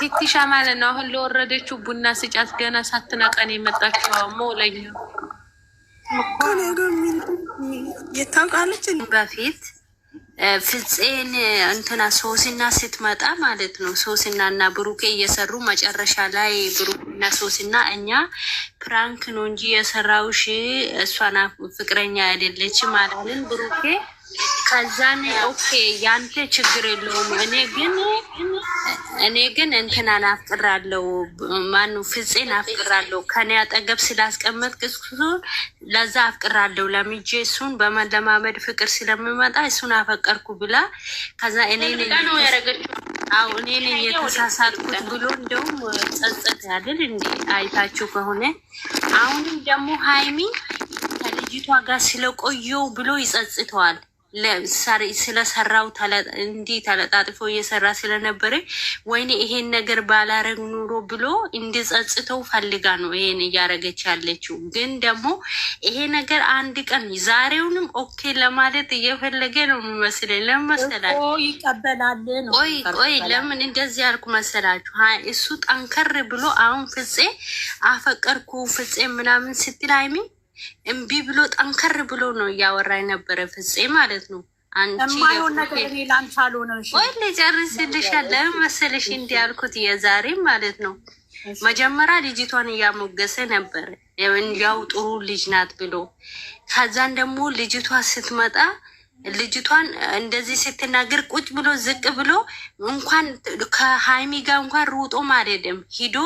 ቲቲሻ ማለት ነው። አሁን ለወረደችው ቡና ስጫት ገና ሳትነቀን የመጣችው ሞለኝ የታውቃለች። በፊት ፍፄን እንትና ስትመጣ ማለት ነው ሶስና እና ብሩኬ እየሰሩ መጨረሻ ላይ ብሩኬ እና ሶስና እኛ ፕራንክ ነው እንጂ የሰራውሽ እሷና ፍቅረኛ አይደለችም አላልን ብሩኬ ከዛን ኦኬ ያንተ ችግር የለውም። እኔ ግን እኔ ግን እንትናን አፍቅራለሁ፣ ማኑ ፍፄን አፍቅራለሁ። ከኔ አጠገብ ስላስቀመጥክ እሱን ለዛ አፍቅራለሁ ለሚጄ እሱን በመለማመድ ፍቅር ስለምመጣ እሱን አፈቀርኩ ብላ ከዛ እኔ አው እኔ ነኝ የተሳሳትኩት ብሎ እንደውም ጸጸት ያድል እንዲ አይታችሁ ከሆነ አሁንም ደግሞ ሀይሚ ከልጅቷ ጋር ስለቆየው ብሎ ይጸጽተዋል። ስለሰራው እንዲህ ተለጣጥፎ እየሰራ ስለነበረ ወይኔ ይሄን ነገር ባላረግ ኑሮ ብሎ እንዲጸጽተው ፈልጋ ነው ይሄን እያረገች ያለችው። ግን ደግሞ ይሄ ነገር አንድ ቀን ዛሬውንም ኦኬ ለማለት እየፈለገ ነው የሚመስለኝ። ለምን መሰላችሁ? ቆይ ቆይ ለምን እንደዚህ ያልኩ መሰላችሁ? እሱ ጠንከር ብሎ አሁን ፍፄ አፈቀርኩ ፍፄ ምናምን ስትል አይሚ እምቢ ብሎ ጠንከር ብሎ ነው እያወራ የነበረ ፍጼ ማለት ነው። አንቺወይ ልጨርስልሽ ለምን መሰለሽ እንዲህ ያልኩት የዛሬ ማለት ነው። መጀመሪያ ልጅቷን እያሞገሰ ነበር እንዲያው ጥሩ ልጅ ናት ብሎ ከዛን ደግሞ ልጅቷ ስትመጣ ልጅቷን እንደዚህ ስትናገር ቁጭ ብሎ ዝቅ ብሎ እንኳን ከሀይሚ ጋር እንኳን ሩጦ አይደለም ሂዶ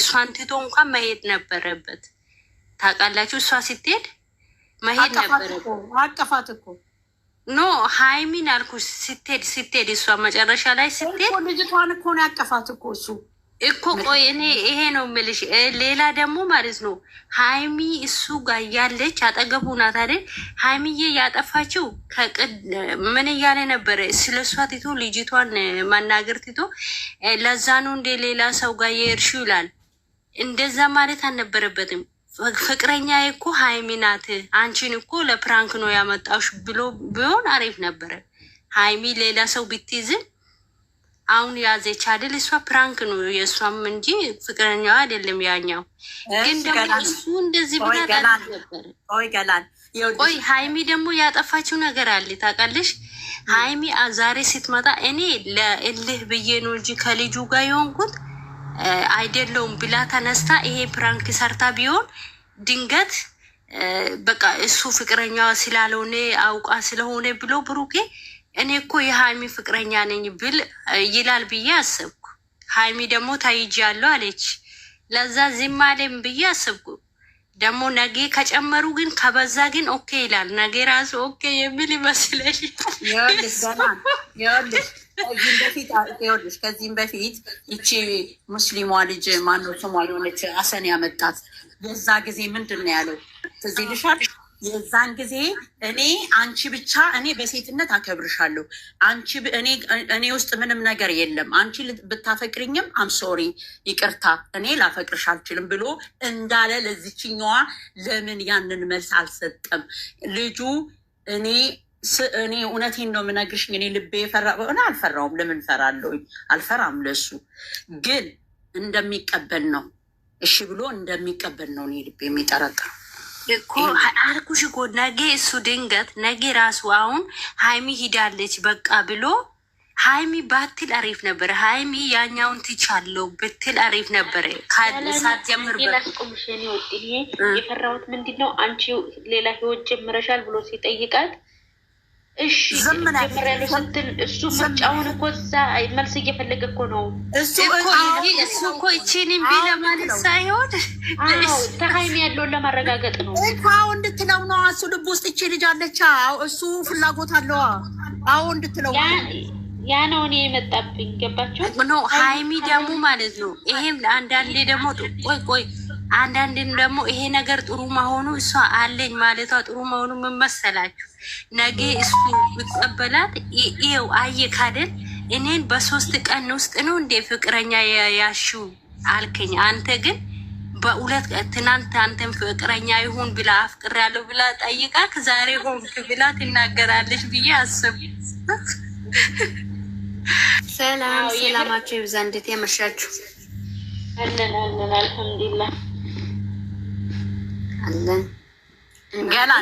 እሷን ትቶ እንኳን መሄድ ነበረበት። ታውቃላችሁ። እሷ ስትሄድ መሄድ ነበረ። አቀፋት እኮ ኖ ሀይሚን አልኩ። ስትሄድ ስትሄድ እሷ መጨረሻ ላይ ስትሄድ ልጅቷን እኮ ነው ያቀፋት እኮ እሱ እኮ ቆይ፣ እኔ ይሄ ነው የምልሽ። ሌላ ደግሞ ማለት ነው ሀይሚ እሱ ጋር ያለች አጠገቡ ናት አይደል? ሀይሚዬ ያጠፋችው ከቅድ ምን እያለ ነበረ? ስለ እሷ ትቶ ልጅቷን ማናገር ትቶ ለዛ ነው እንደ ሌላ ሰው ጋር የእርሹ ይላል። እንደዛ ማለት አልነበረበትም። ፍቅረኛ እኮ ሀይሚ ናት፣ አንቺን እኮ ለፕራንክ ነው ያመጣሽ ብሎ ቢሆን አሪፍ ነበረ። ሀይሚ ሌላ ሰው ብትይዝም አሁን ያዘች አይደል? እሷ ፕራንክ ነው የእሷም እንጂ ፍቅረኛዋ አይደለም ያኛው። ግን ደግሞ እሱ እንደዚህ ብላ ነበረ። ቆይ ሀይሚ ደግሞ ያጠፋችው ነገር አለ ታውቃለሽ? ሀይሚ ዛሬ ስትመጣ እኔ ለእልህ ብዬ ነው እንጂ ከልጁ ጋር የሆንኩት አይደለውም ብላ ተነስታ ይሄ ፕራንክ ሰርታ ቢሆን ድንገት በቃ እሱ ፍቅረኛ ስላልሆነ አውቃ ስለሆነ ብሎ ብሩኬ እኔ እኮ የሀይሚ ፍቅረኛ ነኝ ብል ይላል ብዬ አሰብኩ። ሀይሚ ደግሞ ያለው አለች። ለዛ ዝም አለም ብዬ አሰብኩ። ደግሞ ነገ ከጨመሩ ግን ከበዛ ግን ኦኬ ይላል። ነገ ራሱ ኦኬ የሚል ይመስለኛል። ከዚህም በፊት ይኸውልሽ፣ ከዚህም በፊት ይቺ ሙስሊሟ ልጅ ማነው ስሟ የሆነች አሰን ያመጣት የዛ ጊዜ ምንድን ነው ያለው ትዝ ይልሻል? የዛን ጊዜ እኔ አንቺ ብቻ እኔ በሴትነት አከብርሻለሁ፣ አንቺ እኔ ውስጥ ምንም ነገር የለም፣ አንቺ ብታፈቅርኝም አምሶሪ ይቅርታ፣ እኔ ላፈቅርሽ አልችልም ብሎ እንዳለ ለዚችኛዋ ለምን ያንን መልስ አልሰጠም ልጁ እኔ እኔ እውነቴን ነው የምነግርሽ። እኔ ልቤ የፈራ ሆነ አልፈራውም። ለምን ፈራለሁ? አልፈራም። ለሱ ግን እንደሚቀበል ነው እሺ ብሎ እንደሚቀበል ነው እኔ ልቤ የሚጠረቀ እኮ አልኩሽ እኮ ነገ እሱ ድንገት ነገ ራሱ አሁን ሀይሚ ሂዳለች በቃ ብሎ ሀይሚ ባትል አሪፍ ነበረ። ሀይሚ ያኛውን ትቻለው ብትል አሪፍ ነበረ። ሳት ጀምር ላስቆምሽ። እኔ የፈራሁት ምንድን ነው አንቺ ሌላ ህይወት ጀምረሻል ብሎ ሲጠይቃት እሺ ጀምሪያለሁ ስትል እሱ ምርጫውን እኮ እዛ መልስ እየፈለገ እኮ ነው። እሱ እኮ እቺንም ቢ ለማለት ሳይሆን ተሀይሚ ያለውን ለማረጋገጥ ነው እኮ እንድትለው ነው። እሱ ልብ ውስጥ እቺ ልጅ አለች፣ እሱ ፍላጎት አለዋ። አዎ እንድትለው ያ ነው እኔ የመጣብኝ። ገባቸው ነው ሀይሚ ደግሞ ማለት ነው። ይሄም አንዳንዴ ደግሞ ቆይ ቆይ አንዳንድም ደግሞ ይሄ ነገር ጥሩ መሆኑ እሷ አለኝ ማለቷ ጥሩ መሆኑ ምን መሰላችሁ? ነገ እሱ ይቀበላት ይው ካደል እኔን በሶስት ቀን ውስጥ ነው እንደ ፍቅረኛ ያሹ አልከኝ። አንተ ግን በሁለት ትናንት አንተን ፍቅረኛ ይሁን ብላ አፍቅር ያለው ብላ ጠይቃክ ዛሬ ሆንክ ብላ ትናገራለች ብዬ አስብ። ሰላም ሰላማችሁ ይብዛ። እንዴት ያመሻችሁ? አለን አለን፣ አልሐምዱሊላህ አለ ገና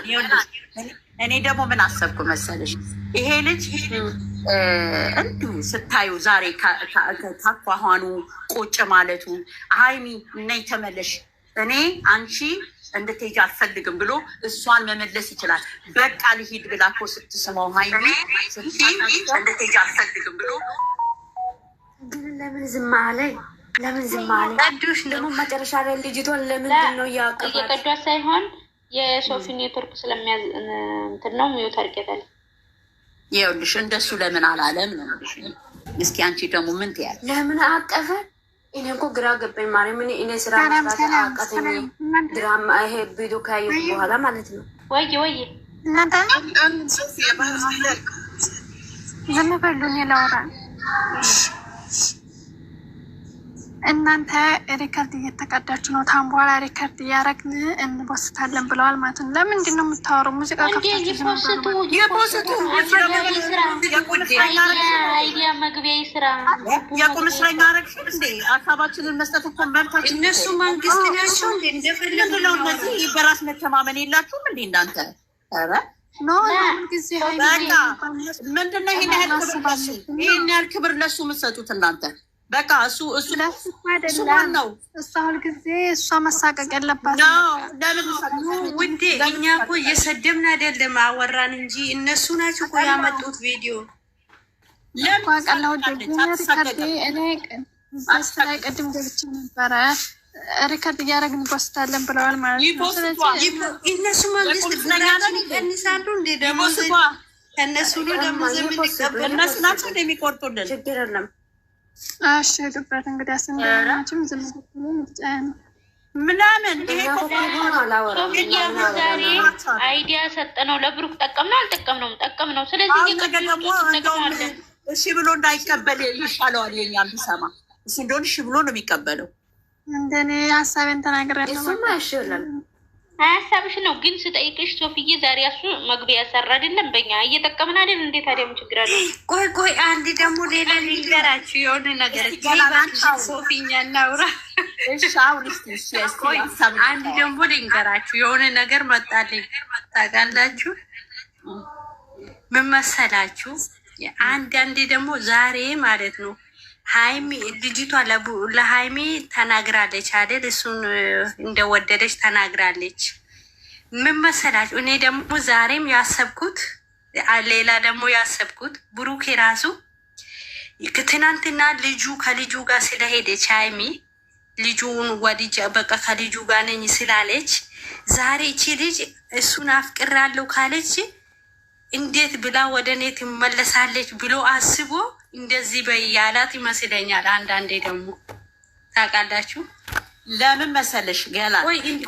እኔ ደግሞ ምን አሰብኩ መሰለሽ፣ ይሄ ልጅ እንዲሁ ስታዩ ዛሬ ካኳኋኑ ቁጭ ማለቱ ሀይሚ ነይ ተመለሽ፣ እኔ አንቺ እንድትሄጂ አልፈልግም ብሎ እሷን መመለስ ይችላል። በቃ ልሂድ ብላ እኮ ስትስመው ሀይሚ እንድትሄጂ አልፈልግም ብሎ ግን ለምን ዝም አለኝ? ለምን ዝም አለ? ደግሞ መጨረሻ ላይ ልጅቷን ለምንድን ነው እያቀፋት? እየቀዷት ሳይሆን የሶፊ ኔትወርክ ስለሚያዝ እንትን ነው ሚዩት አድርጌታለሁ። ይኸውልሽ እንደሱ ለምን አላለም ነው። እስኪ አንቺ ደግሞ ምን ትያለሽ? ለምን አቀፈ? እኔ እኮ ግራ ገባኝ ማርያም። እኔ ስራ መስራት አቃተኝ። ድራማ ይሄ ቢዱ ካየሁ በኋላ ማለት ነው። ወይ ወይ እናንተ ዝም በሉኝ ላውራ እናንተ ሪከርድ እየተቀዳችሁ ነው። ታም በኋላ ሪከርድ እያረግን እንቦስታለን ብለዋል ማለት ነው። ለምንድን ነው የምታወሩ? ሙዚቃ የቁም እስረኛ አረግ እንዴ? ሀሳባችንን መስጠት እኮ መብታችን። እነሱ መንግስት ናቸው እንደፈለግለው እነዚህ በራስ መተማመን የላችሁም እንዴ እናንተ ረ ምንድነው? ይሄን ያህል ክብር ለሱ ይሄን ያህል ክብር ለሱ የምትሰጡት እናንተ በቃ እሱ እሱ ነው። እሱ አሁን ጊዜ እሷ መሳቀቅ ያለባት ውዴ። እኛ እኮ እየሰደብን አይደለም አወራን እንጂ እነሱ ናቸው እኮ ያመጡት ቪዲዮ ላይ ቅድም ገብቼ ነበረ። ሪከርድ እያደረግን እንፖስታለን ብለዋል ማለት ነው። እነሱ መንግስት ደግሞ ከእነሱ ደግሞ ዘምንቀበል እነሱ ናቸው እንደሚቆርጡልን ችግር የለም። እሺ ሄዱበት እንግዲህ አስናችም ምናምን ዛሬ አይዲያ ሰጠ ነው ለብሩክ ጠቀምነው ጠቀም ነው። ስለዚህ እሺ ብሎ እንዳይቀበል ይሻለዋል። የኛ ቢሰማ እሱ እንደሆን እሺ ብሎ ነው የሚቀበለው። እንደኔ ሀሳቤን ተናግሬ ሀሳብሽ ነው ግን ስጠይቅሽ ሶፍዬ ዛሬ ያሱ መግቢያ ሰራ አይደለም በኛ እየጠቀምን አይደል? እንዴት አደም ችግር አለ? ቆይ ቆይ አንድ ደግሞ ሌላ ልንገራችሁ የሆነ ነገር ሶፊኛ እናውራ። አንድ ደግሞ ልንገራችሁ የሆነ ነገር መጣልኝ። ታውቃላችሁ ምን መሰላችሁ? አንዳንዴ ደግሞ ዛሬ ማለት ነው ሀይሚ ልጅቷ ለሀይሚ ተናግራለች አይደል? እሱን እንደወደደች ተናግራለች። ምን መሰላችሁ? እኔ ደግሞ ዛሬም ያሰብኩት ሌላ ደግሞ ያሰብኩት ብሩክ ራሱ ትናንትና ልጁ ከልጁ ጋር ስለሄደች ሀይሚ ልጁን ወዲጃ በቃ ከልጁ ጋር ነኝ ስላለች ዛሬ እቺ ልጅ እሱን አፍቅራለሁ ካለች እንዴት ብላ ወደ እኔ ትመለሳለች ብሎ አስቦ እንደዚህ በያላት ይመስለኛል። አንዳንዴ ደግሞ ታውቃላችሁ ለምን መሰለሽ ገላ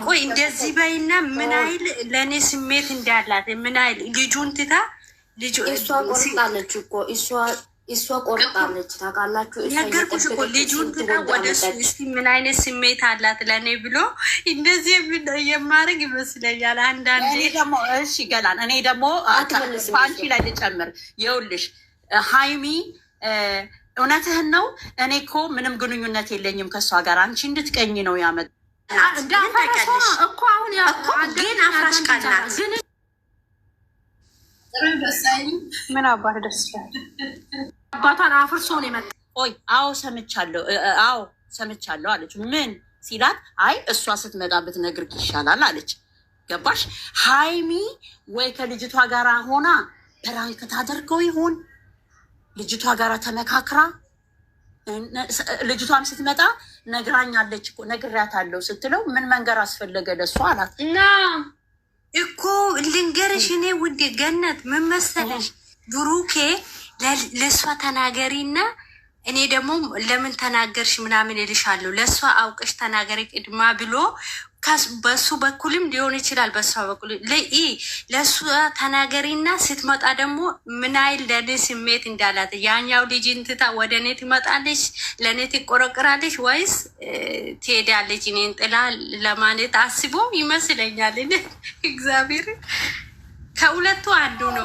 ቆይ እንደዚህ በይና ምን አይል ለእኔ ስሜት እንዳላት ምን አይል ልጁን ትታ ልጁ እሷ ቆርጣለች እኮ እሷ ቆርጣለች ታውቃላችሁ። ነገርኩሽ እኮ ልጁን ትታ ወደ እሱ እስቲ ምን አይነት ስሜት አላት ለእኔ ብሎ እንደዚህ የማድረግ ይመስለኛል አንዳንዴ። ደግሞ እሺ ገላን እኔ ደግሞ ፋንቺ ላይ ልጨምር የውልሽ ሀይሚ እውነትህን ነው። እኔ እኮ ምንም ግንኙነት የለኝም ከእሷ ጋር አንቺ እንድትቀኝ ነው ያመጣ እኮ አሁን ግን አፍራሽ ቃልናት ምን አባት ደስ አባቷን አፍርሶ ነው የመጣ። ቆይ አዎ ሰምቻለሁ፣ አዎ ሰምቻለሁ አለች። ምን ሲላት፣ አይ እሷ ስትመጣ ብትነግር ይሻላል አለች። ገባሽ? ሀይሚ ወይ ከልጅቷ ጋር ሆና ፕራንክ ታደርገው ይሆን ልጅቷ ጋር ተመካክራ ልጅቷም ስትመጣ ነግራኛለች እኮ ነግሬያታለሁ ስትለው ምን መንገር አስፈለገ ለሱ አላት። እና እኮ ልንገርሽ እኔ ውድ ገነት ምን መሰለሽ ብሩኬ ለእሷ ተናገሪ እና እኔ ደግሞ ለምን ተናገርሽ ምናምን እልሻለሁ። ለእሷ አውቀሽ ተናገሪ ቅድማ ብሎ በሱ በኩልም ሊሆን ይችላል። በሷ በኩል ለእሱ ተናገሪና ስትመጣ ደግሞ ምን አይል ለእኔ ስሜት እንዳላት ያኛው ልጅ እንትታ ወደ እኔ ትመጣለች፣ ለእኔ ትቆረቅራለች ወይስ ትሄዳለች እኔን ጥላ ለማለት አስቦ ይመስለኛል። እግዚአብሔር ከሁለቱ አንዱ ነው።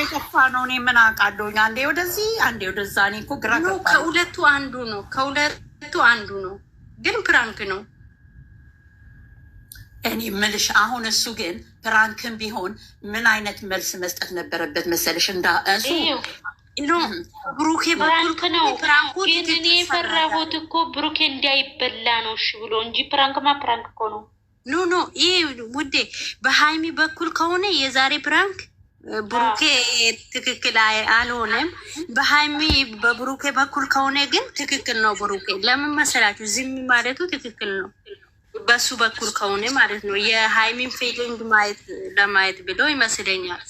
የጠፋ ነው። እኔ ምን አውቃለሁኝ? አንዴ ወደዚህ አንዴ ወደዛ። እኔ እኮ ግራ ከሁለቱ አንዱ ነው። ከሁለቱ አንዱ ነው፣ ግን ፕራንክ ነው እኔ ምልሽ አሁን እሱ ግን ፕራንክን ቢሆን ምን አይነት መልስ መስጠት ነበረበት መሰለሽ? እንዳ እሱ ብሩኬ ፕራንክ ነው። ግን እኔ የፈራሁት እኮ ብሩኬ እንዳይበላ ነው እሺ ብሎ እንጂ ፕራንክማ ፕራንክ እኮ ነው። ኖ ኖ፣ ይህ ውዴ በሀይሚ በኩል ከሆነ የዛሬ ፕራንክ ብሩኬ ትክክል አልሆነም። በሀይሚ በብሩኬ በኩል ከሆነ ግን ትክክል ነው። ብሩኬ ለምን መሰላችሁ ዝም ማለቱ ትክክል ነው። በሱ በኩል ከሆነ ማለት ነው የሃይሚን ፊሊንግ ማየት ለማየት ብሎ ይመስለኛል።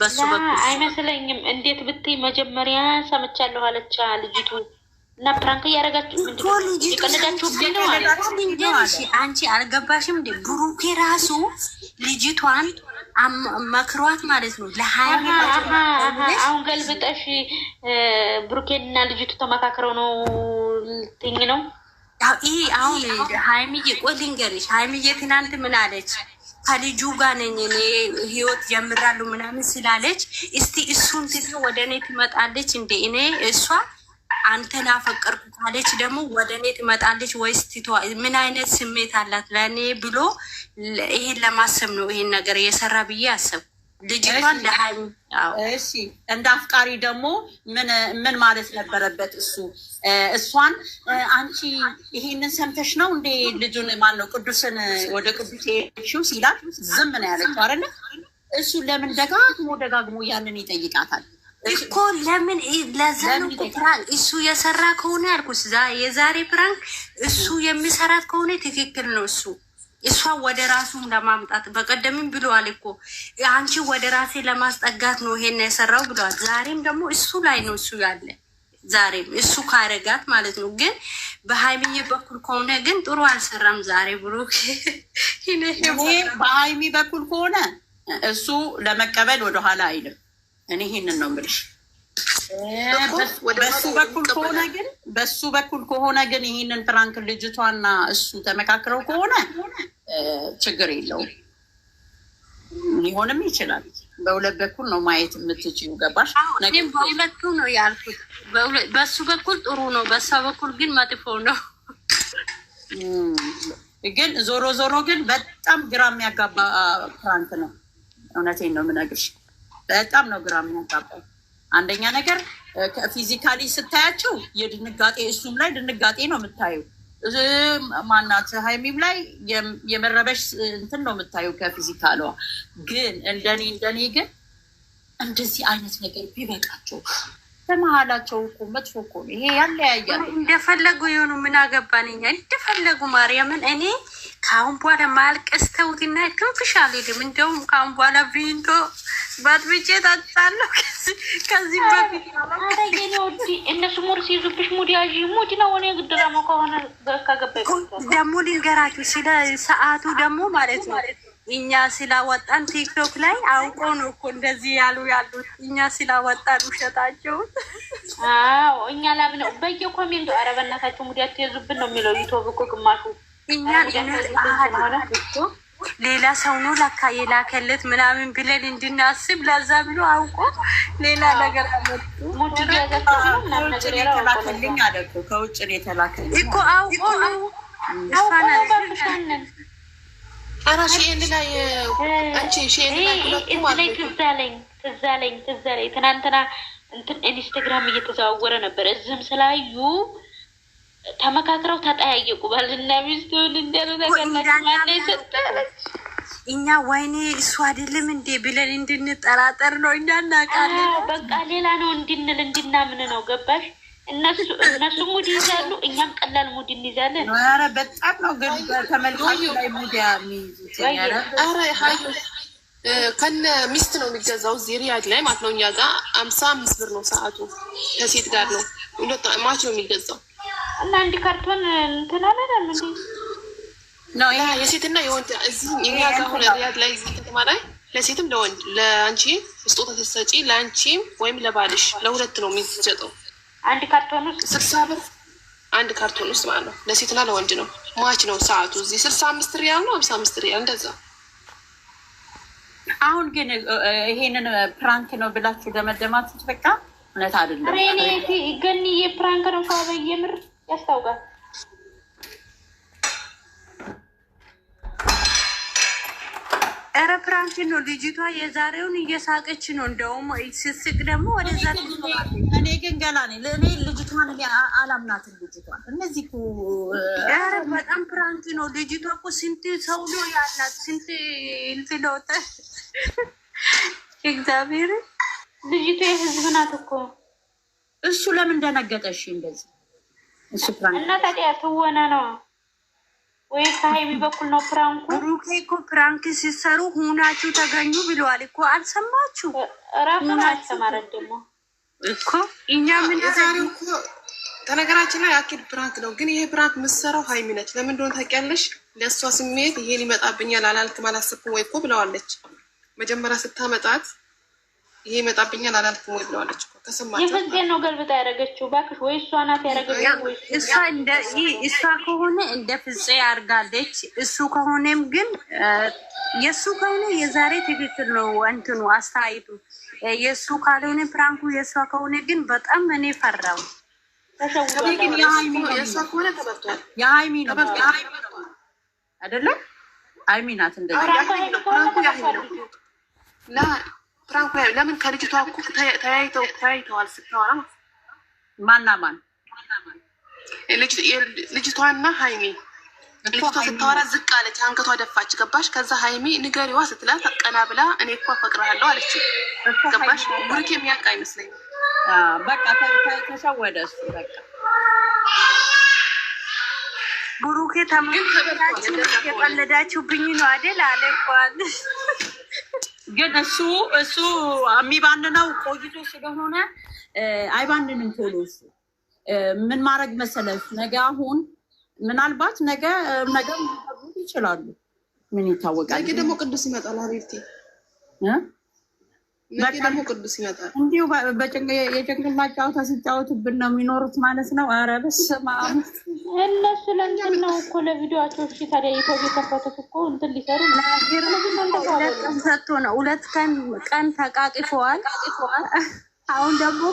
በሱ በኩል አይመስለኝም። እንዴት ብት መጀመሪያ ሰምቻለሁ አለች ልጅቱ እና ፕራንክ እያደረጋችሁ አንቺ አልገባሽም እንዴ? ብሩኬ ራሱ ልጅቷን መክሯት ማለት ነው ለሀይሚ አሁን ገልብጠሽ ብሩኬንና ልጅቱ ተመካክረው ነው ልትኝ ነው ይህ አሁን ሀይሚዬ ቆይ ልንገርሽ፣ ሀይሚዬ ትናንት ምን አለች? ከልጁ ጋር ነኝ እኔ ህይወት ጀምራሉ ምናምን ስላለች፣ እስቲ እሱን ትተ ወደ እኔ ትመጣለች እንደ እኔ እሷ አንተን አፈቀርኩ ካለች ደግሞ ወደ እኔ ትመጣለች ወይስ ትቶ ምን አይነት ስሜት አላት ለእኔ ብሎ ይሄን ለማሰብ ነው ይሄን ነገር የሰራ ብዬ አሰብኩ። ልጅቷን ለሀይሚ እሺ፣ እንደ አፍቃሪ ደግሞ ምን ማለት ነበረበት? እሱ እሷን አንቺ ይሄንን ሰምተሽ ነው እንዴ ልጁን ማን ነው ቅዱስን ወደ ቅዱስ ሄድሽው ሲላት ዝም ነው ያለችው አይደለ? እሱ ለምን ደጋግሞ ደጋግሞ ያንን ይጠይቃታል እኮ? ለምን ለዛን ፕራንክ እሱ የሰራ ከሆነ ያልኩት የዛሬ ፕራንክ እሱ የሚሰራት ከሆነ ትክክል ነው እሱ እሷ ወደ ራሱም ለማምጣት በቀደምም ብለዋል እኮ አንቺ ወደ ራሴ ለማስጠጋት ነው ይሄን የሰራው ብለዋል። ዛሬም ደግሞ እሱ ላይ ነው እሱ ያለ ዛሬም እሱ ካረጋት ማለት ነው። ግን በሀይሚዬ በኩል ከሆነ ግን ጥሩ አልሰራም። ዛሬ ብሩክ በሀይሚ በኩል ከሆነ እሱ ለመቀበል ወደኋላ አይልም። እኔ ይህንን ነው የምልሽ። በሱ በኩል ከሆነ ግን በሱ በኩል ከሆነ ግን ይህንን ፍራንክ ልጅቷና እሱ ተመካክረው ከሆነ ችግር የለውም፣ ሊሆንም ይችላል። በሁለት በኩል ነው ማየት የምትችይው። ገባሽ? በሁለቱ ነው ያልኩት። በሱ በኩል ጥሩ ነው፣ በሷ በኩል ግን መጥፎ ነው። ግን ዞሮ ዞሮ ግን በጣም ግራ የሚያጋባ ፍራንክ ነው። እውነቴን ነው የምነግርሽ፣ በጣም ነው ግራ የሚያጋባው። አንደኛ ነገር ፊዚካሊ ስታያቸው የድንጋጤ እሱም ላይ ድንጋጤ ነው የምታዩ። ማናት ሀይሚም ላይ የመረበሽ እንትን ነው የምታዩ ከፊዚካሏ። ግን እንደኔ እንደኔ ግን እንደዚህ አይነት ነገር ቢበቃቸው በመሀላቸው እኮ መጥፎ እኮ ነው ይሄ ያለያያል። እንደፈለጉ የሆኑ ምን አገባን እኛ እንደፈለጉ። ማርያምን እኔ ከአሁን በኋላ ማልቀስ ተውትና ክንፍሻ አልሄድም። እንደውም ከአሁን በኋላ ቪንዶ ባትብጬ ታጣለሁ። ከዚህ በፊት እነሱ ሙድ ሲይዙብሽ ሙድ ያዥ ሙድ ነው። እኔ ድራማ ከሆነ ደግሞ ልንገራችሁ ስለ ሰዓቱ ደግሞ ማለት ነው። እኛ ስላወጣን ቲክቶክ ላይ አውቀው ነው እኮ እንደዚህ ያሉ ያሉት። እኛ ስላወጣን ውሸታቸውን አዎ፣ እኛ ላብ በየኮሜንቱ ኧረ በእናታቸው ሙድ አትይዙብን ነው የሚለው። ይቶ ብኮ ግማሹ እኛ ሌላ ሰው ነው ለካ የላከለት ምናምን ብለን እንድናስብ ለዛ ብሎ አውቆ ሌላ ነገር አመጡልኝ አደረኩ። ከውጭ ነው የተላከልኝ እኮ አውቆ ትዝ አለኝ ትናንትና እንትን ኢንስታግራም እየተዘዋወረ ነበር እዚህም ስላዩ ተመካክረው ተጠያየቁ። ባልና ሚስቱን እንደሉ ነገር ማለ እኛ ወይኔ እሱ አይደለም እንዴ ብለን እንድንጠራጠር ነው። እኛ እናቃለ በቃ ሌላ ነው እንድንል እንድናምን ነው። ገባሽ? እነሱ ሙድ ይዛሉ፣ እኛም ቀላል ሙድ እንይዛለን። ኧረ በጣም ነው ግን ተመልካች ላይ ሙድ የሚይዙት። ሀዩ ከነ ሚስት ነው የሚገዛው እዚህ ሪያድ ላይ ማለት ነው። እኛ ጋር አምሳ አምስት ብር ነው ሰዓቱ። ከሴት ጋር ነው ማች ነው የሚገዛው እና አንድ ካርቶን እንትን አላለም ነው ያ የሴትና የወንድ እዚህ እኛ ጋር አሁን ሪያድ ላይ እዚህ ከተማ ላይ ለሴትም ለወንድ ለአንቺ ስጦታ ስትሰጪ ለአንቺም ወይም ለባልሽ ለሁለት ነው የሚሰጠው። አንድ ካርቶን ውስጥ ስልሳ ብር አንድ ካርቶን ውስጥ ማለት ነው። ለሴትና ለወንድ ነው። ማች ነው ሰዓቱ እዚህ ስልሳ አምስት ሪያል ነው ሀምሳ አምስት ሪያል እንደዛ። አሁን ግን ይሄንን ፕራንክ ነው ብላችሁ ደመደማት በቃ እውነት አይደለም ግን ይሄ ፕራንክ ነው ካበየምር ያስታውቃል። ኧረ ፕራንክ ነው። ልጅቷ የዛሬውን እየሳቀች ነው። እንደውም ስስቅ ደግሞ ወደዛ እኔ ግን ገና ነኝ። እኔ ልጅቷን አላምናትም። ልጅቷን እነዚህ ኧረ በጣም ፕራንክ ነው። ልጅቷ እኮ ስንት ሰው ነው ያላት፣ ስንት ልትለውጠ እግዚአብሔር ልጅቷ የህዝብ ናት እኮ እሱ ለምን ደነገጠሽ እንደዚህ? እና ታዲያ ትወና ነው ወይስ በኩል ነው ፕራንኩ? ብሩኬ እኮ ፕራንክ ሲሰሩ ሁናችሁ ተገኙ ብለዋል እኮ አልሰማችሁ? እኮ እኛ ምን ተነገራችን ላይ አኪድ ፕራንክ ነው። ግን ይሄ ፕራንክ የምትሰራው ሀይሚ ነች። ለምን እንደሆነ ታውቂያለሽ? ለእሷ ስሜት ይሄን ይመጣብኛል አላልክም አላሰብኩም ወይ እኮ ብለዋለች መጀመሪያ ስታመጣት ይሄ ይመጣብኛል አላልኩም ወይ ብለዋለች። የፍዜን ነው ገልብጣ ያደረገችው። እባክሽ ወይ እሷ ናት ያደረገችው። እሷ ከሆነ እንደ ፍፄ ያርጋለች። እሱ ከሆነም ግን የእሱ ከሆነ የዛሬ ትክክል ነው እንትኑ አስተያየቱ። የእሱ ካልሆነ ፕራንኩ፣ የእሷ ከሆነ ግን በጣም እኔ ፈራው። የእሷ ከሆነ ተበልቷል። የሀይሚ ነው አይደለም። ሀይሚ ናት እንደዚህ ፍራንኮ ለምን ከልጅቷ እኮ ተያይተው ተያይተዋል ስታወራ ማና ማን ልጅቷና ሀይሚ ልጅቷ ስታወራ ዝቅ አለች፣ አንገቷ ደፋች። ገባሽ? ከዛ ሀይሚ ንገሪዋ ስትላት ቀና ብላ እኔ እኮ አፈቅርሃለሁ አለች። ገባሽ? ብሩክ የሚያውቅ አይመስለኝ። በቃ ተሸወደ እሱ። በቃ ብሩኬ ተመልካችሁ የቀለዳችሁብኝ ነው አደል አለ እኮ አለ ግን እሱ እሱ የሚባንነው ቆይቶ ስለሆነ አይባንንም ቶሎ። እሱ ምን ማድረግ መሰለሽ፣ ነገ አሁን ምናልባት ነገ ነገ ይችላሉ። ምን ይታወቃል። ደግሞ ቅዱስ ይመጣል አቤቴ ቅዱስ እንዲሁ የጭንቅላት ጨዋታ ሲጫወቱብን ነው የሚኖሩት ማለት ነው። ኧረ በስመ አብ! እነሱ ለእንትን ነው እኮ ለቪዲዮዋቸው። እሺ ታዲያ ዩቱብ የከፈቱት እኮ እንትን ሊሰሩ ሰጥቶ ነው። ሁለት ቀን ቀን ተቃቅፈዋል። አሁን ደግሞ